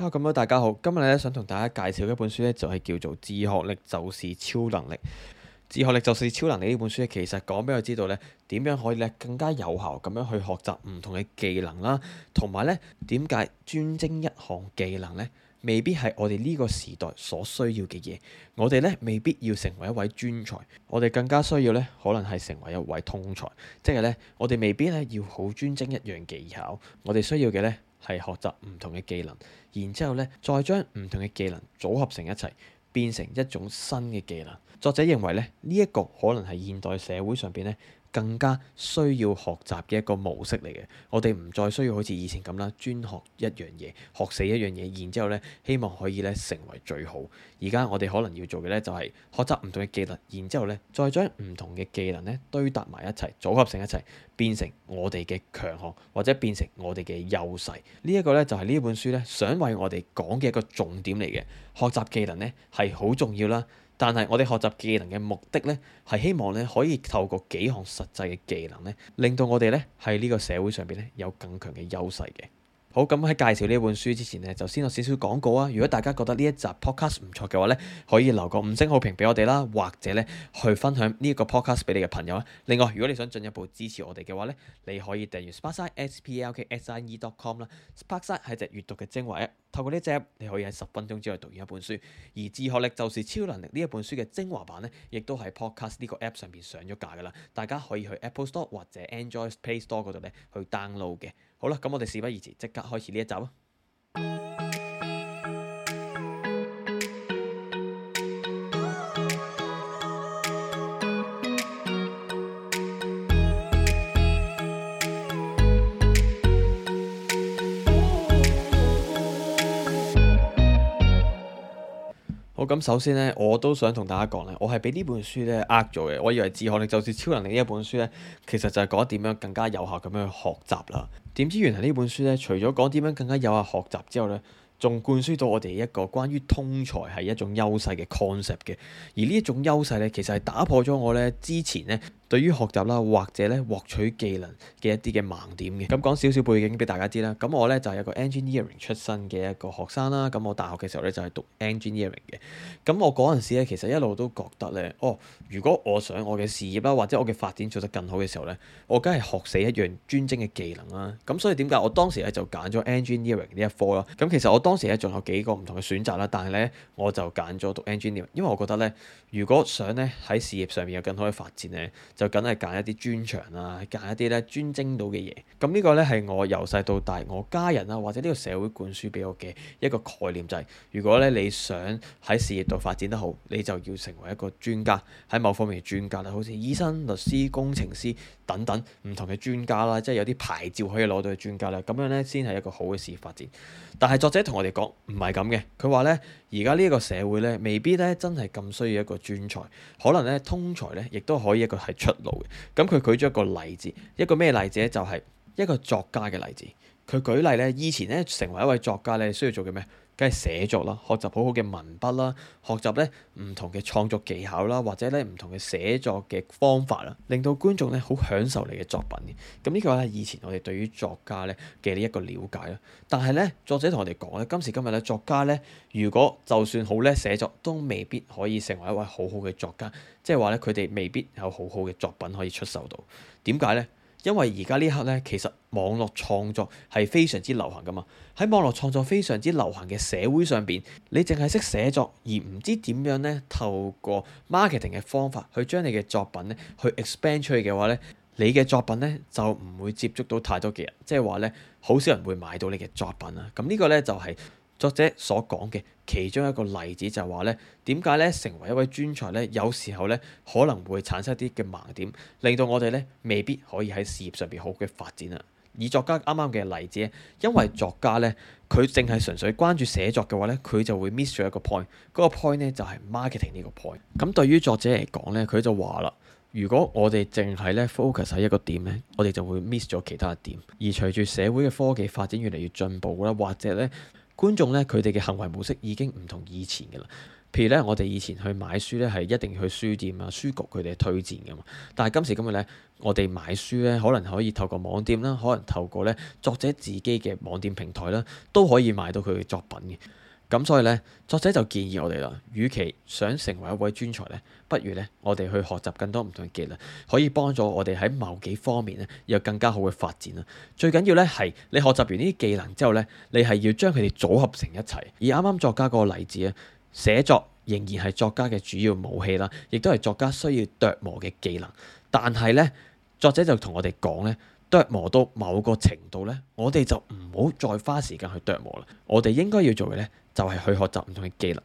Hello，大家好，今日咧想同大家介紹一本書咧，就係叫做《自學力就是超能力》。《自學力就是超能力》呢本書咧，其實講俾我知道咧，點樣可以咧更加有效咁樣去學習唔同嘅技能啦，同埋咧點解專精一項技能咧，未必係我哋呢個時代所需要嘅嘢。我哋咧未必要成為一位專才，我哋更加需要咧，可能係成為一位通才。即係咧，我哋未必咧要好專精一樣技巧，我哋需要嘅咧。係學習唔同嘅技能，然之後咧再將唔同嘅技能組合成一齊，變成一種新嘅技能。作者認為咧呢一個可能係現代社會上邊咧，更加需要學習嘅一個模式嚟嘅，我哋唔再需要好似以前咁啦，專學一樣嘢，學死一樣嘢，然之後呢，希望可以呢成為最好。而家我哋可能要做嘅呢，就係學習唔同嘅技能，然之後呢，再將唔同嘅技能呢堆搭埋一齊，組合成一齊，變成我哋嘅強項，或者變成我哋嘅優勢。呢一個呢，就係呢本書呢，想為我哋講嘅一個重點嚟嘅。學習技能呢，係好重要啦。但係我哋學習技能嘅目的咧，係希望咧，可以透過幾項實際嘅技能咧，令到我哋咧，喺呢個社會上邊咧，有更強嘅優勢嘅。好，咁喺介紹呢本書之前呢，就先有少少廣告啊！如果大家覺得呢一集 podcast 唔錯嘅話呢，可以留個五星好評俾我哋啦，或者呢去分享呢一個 podcast 俾你嘅朋友啊。另外，如果你想進一步支持我哋嘅話呢，你可以訂閱 s p a r k s i d e s p l k s i c o m 啦。s p a r k s i、e. d 隻閱讀嘅精華 App，透過呢隻你可以喺十分鐘之內讀完一本書。而《自學力就是超能力》呢一本書嘅精華版呢，亦都喺 podcast 呢個 app 上邊上咗架噶啦。大家可以去 Apple Store 或者 Android Play Store 度呢去 download 嘅。好啦，咁我哋事不宜遲，即刻開始呢一集啊！咁首先咧，我都想同大家講咧，我係俾呢本書咧，呃咗嘅。我以為《自學力》就是超能力呢一本書咧，其實就係講點樣更加有效咁樣去學習啦。點知原來呢本書咧，除咗講點樣更加有效學習之後咧，仲灌輸到我哋一個關於通才係一種優勢嘅 concept 嘅。而呢一種優勢咧，其實係打破咗我咧之前咧。對於學習啦，或者咧獲取技能嘅一啲嘅盲點嘅，咁講少少背景俾大家知啦。咁我呢，就係一個 engineering 出身嘅一個學生啦。咁我大學嘅時候呢，就係讀 engineering 嘅。咁我嗰陣時咧其實一路都覺得呢：哦，如果我想我嘅事業啦，或者我嘅發展做得更好嘅時候呢，我梗係學死一樣專精嘅技能啦。咁所以點解我當時呢，就揀咗 engineering 呢一科啦？咁其實我當時呢，仲有幾個唔同嘅選擇啦，但係呢，我就揀咗讀 engineering，因為我覺得呢，如果想呢，喺事業上面有更好嘅發展呢。就梗係揀一啲專長啊，揀一啲咧專精到嘅嘢。咁呢個呢，係我由細到大，我家人啊或者呢個社會灌輸俾我嘅一個概念就係、是：如果呢，你想喺事業度發展得好，你就要成為一個專家喺某方面嘅專家啦，好似醫生、律師、工程師等等唔同嘅專家啦，即係有啲牌照可以攞到嘅專家啦，咁樣呢，先係一個好嘅事業發展。但係作者同我哋講唔係咁嘅，佢話呢，而家呢個社會呢，未必呢，真係咁需要一個專才，可能呢，通才呢，亦都可以一個係出路嘅，咁佢舉咗一個例子，一個咩例子咧？就係、是、一個作家嘅例子。佢舉例咧，以前咧成為一位作家咧，需要做嘅咩？梗係寫作啦，學習好好嘅文筆啦，學習咧唔同嘅創作技巧啦，或者咧唔同嘅寫作嘅方法啦，令到觀眾咧好享受你嘅作品嘅。咁呢句話係以前我哋對於作家咧嘅呢一個了解咯。但係咧，作者同我哋講咧，今時今日咧，作家咧，如果就算好叻寫作，都未必可以成為一位好好嘅作家，即係話咧，佢哋未必有好好嘅作品可以出售到。點解咧？因為而家呢刻呢，其實網絡創作係非常之流行㗎嘛。喺網絡創作非常之流行嘅社會上面，你淨係識寫作而唔知點樣呢透過 marketing 嘅方法去將你嘅作品呢去 expand 出去嘅話呢，你嘅作品呢就唔會接觸到太多嘅人，即係話呢，好少人會買到你嘅作品啦。咁呢個呢就係、是。作者所講嘅其中一個例子就係話呢，點解呢成為一位專才呢？有時候呢，可能會產生一啲嘅盲點，令到我哋呢未必可以喺事業上邊好嘅發展啊。而作家啱啱嘅例子呢，因為作家呢，佢淨係純粹關注寫作嘅話呢，佢就會 miss 咗一個 point。嗰個 point 呢就係 marketing 呢個 point。咁對於作者嚟講呢，佢就話啦，如果我哋淨係呢 focus 喺一個點呢，我哋就會 miss 咗其他嘅點。而隨住社會嘅科技發展越嚟越進步啦，或者呢。觀眾呢，佢哋嘅行為模式已經唔同以前嘅啦。譬如呢，我哋以前去買書呢，係一定要去書店啊、書局佢哋推薦嘅嘛。但係今時今日呢，我哋買書呢，可能可以透過網店啦，可能透過呢作者自己嘅網店平台啦，都可以買到佢嘅作品嘅。咁所以咧，作者就建議我哋啦，與其想成為一位專才咧，不如咧，我哋去學習更多唔同嘅技能，可以幫助我哋喺某幾方面咧有更加好嘅發展啦。最緊要咧係你學習完呢啲技能之後咧，你係要將佢哋組合成一齊。而啱啱作家個例子咧，寫作仍然係作家嘅主要武器啦，亦都係作家需要琢磨嘅技能。但係咧，作者就同我哋講咧，琢磨到某個程度咧，我哋就唔好再花時間去琢磨啦。我哋應該要做嘅咧，就係去學習唔同嘅技能，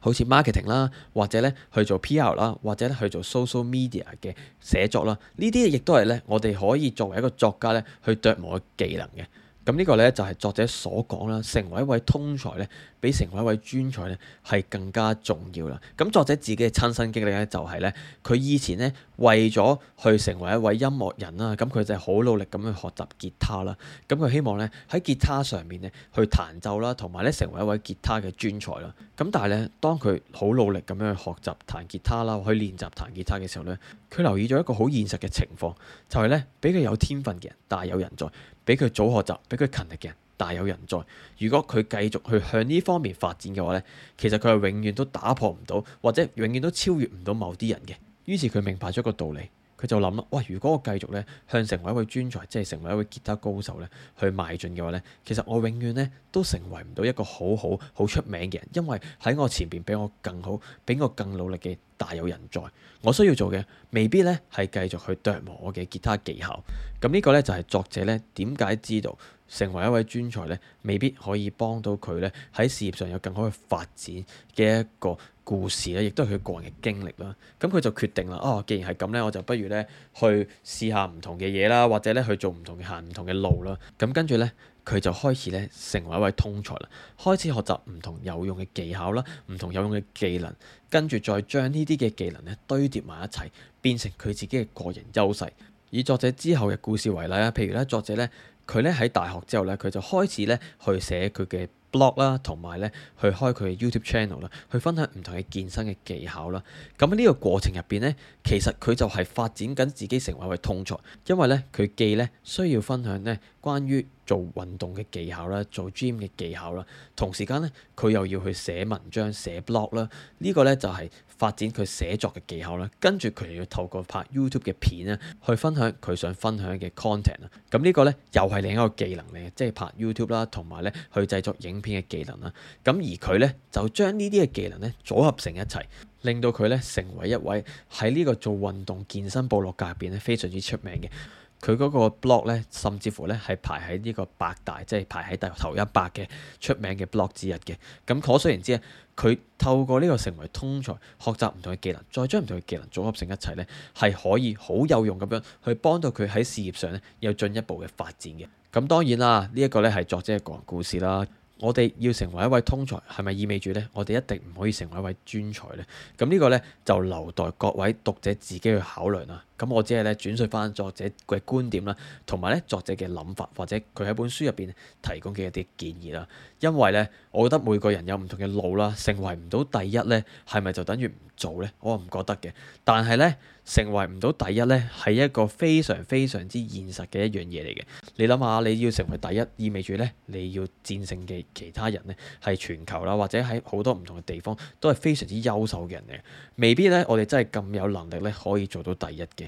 好似 marketing 啦，或者咧去做 PR 啦，或者咧去做 social media 嘅寫作啦，呢啲亦都係咧我哋可以作為一個作家咧去琢磨嘅技能嘅。咁呢個呢，就係作者所講啦，成為一位通才呢，比成為一位專才呢，係更加重要啦。咁作者自己嘅親身經歷呢、就是，就係呢：佢以前呢，為咗去成為一位音樂人啦，咁佢就係好努力咁去學習吉他啦。咁佢希望呢，喺吉他上面呢，去彈奏啦，同埋呢，成為一位吉他嘅專才啦。咁但係呢，當佢好努力咁樣去學習彈吉他啦，去練習彈吉他嘅時候呢，佢留意咗一個好現實嘅情況，就係呢，比佢有天分嘅人大有人在。俾佢早學習，俾佢勤力嘅人大有人在。如果佢繼續去向呢方面發展嘅話咧，其實佢係永遠都打破唔到，或者永遠都超越唔到某啲人嘅。於是佢明白咗一個道理，佢就諗啦：喂，如果我繼續咧向成為一位專才，即係成為一位吉他高手咧去邁進嘅話咧，其實我永遠咧都成為唔到一個好好好出名嘅人，因為喺我前邊俾我更好，俾我更努力嘅，大有人在，我需要做嘅未必咧係繼續去琢磨我嘅吉他技巧，咁呢個咧就係、是、作者咧點解知道成為一位專才咧未必可以幫到佢咧喺事業上有更好嘅發展嘅一個故事啦，亦都係佢個人嘅經歷啦。咁佢就決定啦，哦，既然係咁咧，我就不如咧去試下唔同嘅嘢啦，或者咧去做唔同嘅行唔同嘅路啦。咁跟住咧。佢就開始咧成為一位通才啦，開始學習唔同有用嘅技巧啦，唔同有用嘅技能，跟住再將呢啲嘅技能咧堆疊埋一齊，變成佢自己嘅個人優勢。以作者之後嘅故事為例啦，譬如咧作者咧，佢咧喺大學之後咧，佢就開始咧去寫佢嘅 blog 啦，同埋咧去開佢嘅 YouTube channel 啦，去分享唔同嘅健身嘅技巧啦。咁喺呢個過程入邊咧，其實佢就係發展緊自己成為一位通才，因為咧佢既咧需要分享咧。關於做運動嘅技巧啦，做 gym 嘅技巧啦，同時間呢，佢又要去寫文章、寫 blog 啦，呢個呢，就係發展佢寫作嘅技巧啦。跟住佢要透過拍 YouTube 嘅片啊，去分享佢想分享嘅 content 啊。咁呢個呢，又係另一個技能嚟嘅，即係拍 YouTube 啦，同埋呢，去製作影片嘅技能啦。咁而佢呢，就將呢啲嘅技能呢，組合成一齊，令到佢呢，成為一位喺呢個做運動健身部落界入邊呢，非常之出名嘅。佢嗰個 blog 咧，甚至乎咧係排喺呢個百大，即係排喺第頭一百嘅出名嘅 blog 之一嘅。咁可想而知咧，佢透過呢個成為通才，學習唔同嘅技能，再將唔同嘅技能組合成一齊咧，係可以好有用咁樣去幫到佢喺事業上咧有進一步嘅發展嘅。咁當然啦，呢一個咧係作者嘅個人故事啦。我哋要成為一位通才，係咪意味住咧我哋一定唔可以成為一位專才咧？咁呢個咧就留待各位讀者自己去考量啦。咁我只係咧轉述返作者嘅觀點啦，同埋咧作者嘅諗法，或者佢喺本書入邊提供嘅一啲建議啦。因為咧，我覺得每個人有唔同嘅路啦，成為唔到第一咧，係咪就等於唔做咧？我唔覺得嘅。但係咧，成為唔到第一咧，係一個非常非常之現實嘅一樣嘢嚟嘅。你諗下，你要成為第一，意味住咧你要戰勝嘅其他人咧，係全球啦，或者喺好多唔同嘅地方都係非常之優秀嘅人嚟嘅。未必咧，我哋真係咁有能力咧，可以做到第一嘅。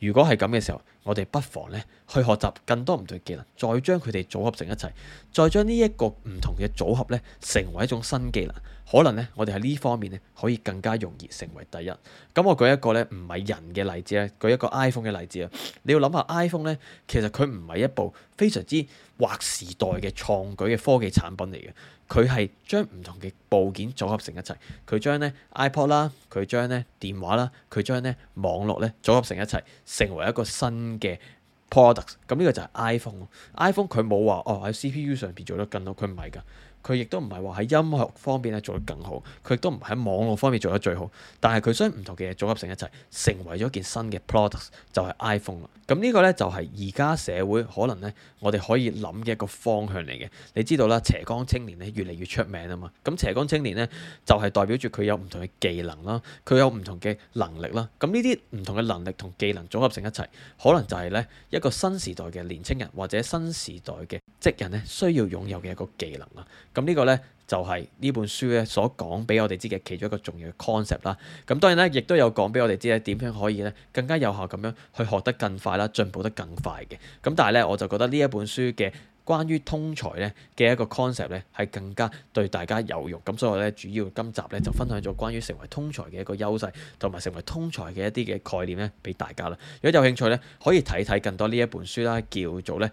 如果係咁嘅時候，我哋不妨呢去學習更多唔同嘅技能，再將佢哋組合成一齊，再將呢一個唔同嘅組合呢成為一種新技能，可能呢我哋喺呢方面呢可以更加容易成為第一。咁我舉一個呢唔係人嘅例子咧，舉一個 iPhone 嘅例子啊！你要諗下 iPhone 呢，其實佢唔係一部非常之劃時代嘅創舉嘅科技產品嚟嘅，佢係將唔同嘅部件組合成一齊，佢將呢 iPod 啦，佢將呢電話啦，佢將呢網絡呢組合成一齊。成為一個新嘅 product，咁呢個就係 iPhone。iPhone 佢冇話哦喺 CPU 上邊做得更多，佢唔係㗎。佢亦都唔係話喺音樂方面咧做得更好，佢亦都唔喺網絡方面做得最好。但係佢將唔同嘅嘢組合成一齊，成為咗件新嘅 product，就係 iPhone 啦。咁呢個呢，就係而家社會可能呢，我哋可以諗嘅一個方向嚟嘅。你知道啦，斜槓青年呢越嚟越出名啊嘛。咁斜槓青年呢，就係代表住佢有唔同嘅技能啦，佢有唔同嘅能力啦。咁呢啲唔同嘅能力同技能組合成一齊，可能就係呢一個新時代嘅年青人或者新時代嘅職人呢需要擁有嘅一個技能啦。咁呢個呢，就係呢本書呢所講俾我哋知嘅其中一個重要嘅 concept 啦。咁當然咧，亦都有講俾我哋知咧點樣可以呢更加有效咁樣去學得更快啦，進步得更快嘅。咁但係呢，我就覺得呢一本書嘅關於通才呢嘅一個 concept 咧係更加對大家有用。咁所以我呢，主要今集呢就分享咗關於成為通才嘅一個優勢同埋成為通才嘅一啲嘅概念呢俾大家啦。如果有興趣呢，可以睇睇更多呢一本書啦，叫做呢。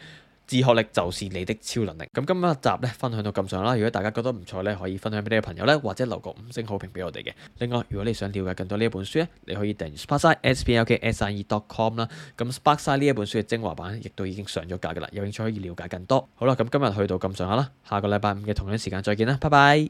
自學力就是你的超能力。咁今日一集咧，分享到咁上下啦。如果大家覺得唔錯咧，可以分享俾你嘅朋友咧，或者留個五星好評俾我哋嘅。另外，如果你想了解更多呢一本書咧，你可以訂閱 SparkSine SparkSine dot com 啦。咁 SparkSine 呢一本書嘅精華版，亦都已經上咗架㗎啦。有興趣可以了解更多。好啦，咁今日去到咁上下啦，下個禮拜五嘅同樣時間再見啦，拜拜。